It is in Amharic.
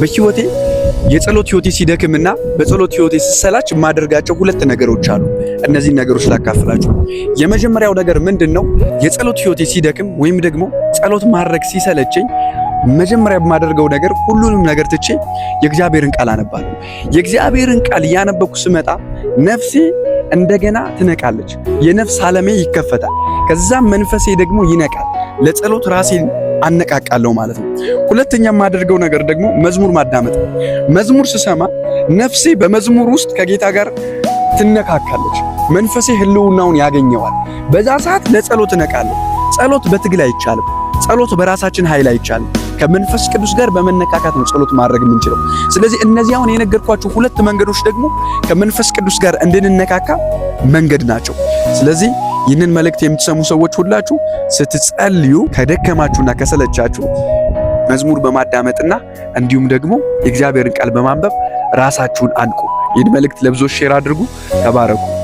በህይወቴ የጸሎት ህይወቴ ሲደክምና በጸሎት ህይወቴ ሲሰላች የማደርጋቸው ሁለት ነገሮች አሉ። እነዚህን ነገሮች ላካፍላችሁ። የመጀመሪያው ነገር ምንድን ነው? የጸሎት ህይወቴ ሲደክም ወይም ደግሞ ጸሎት ማድረግ ሲሰለቸኝ መጀመሪያ የማደርገው ነገር ሁሉንም ነገር ትቼ የእግዚአብሔርን ቃል አነባለሁ። የእግዚአብሔርን ቃል እያነበኩ ስመጣ ነፍሴ እንደገና ትነቃለች። የነፍስ ዓለሜ ይከፈታል። ከዛም መንፈሴ ደግሞ ይነቃል። ለጸሎት ራሴን አነቃቃለሁ ማለት ነው። ሁለተኛ የማደርገው ነገር ደግሞ መዝሙር ማዳመጥ። መዝሙር ስሰማ ነፍሴ በመዝሙር ውስጥ ከጌታ ጋር ትነካካለች። መንፈሴ ህልውናውን ያገኘዋል። በዛ ሰዓት ለጸሎት እነቃለሁ። ጸሎት በትግል አይቻልም። ጸሎት በራሳችን ኃይል አይቻልም። ከመንፈስ ቅዱስ ጋር በመነካካት ነው ጸሎት ማድረግ የምንችለው። ስለዚህ እነዚህ አሁን የነገርኳችሁ ሁለት መንገዶች ደግሞ ከመንፈስ ቅዱስ ጋር እንድንነካካ መንገድ ናቸው። ስለዚህ ይህንን መልእክት የምትሰሙ ሰዎች ሁላችሁ ስትጸልዩ ከደከማችሁና ከሰለቻችሁ መዝሙር በማዳመጥና እንዲሁም ደግሞ የእግዚአብሔርን ቃል በማንበብ ራሳችሁን አንቁ። ይህን መልእክት ለብዙዎች ሼር አድርጉ። ተባረኩ።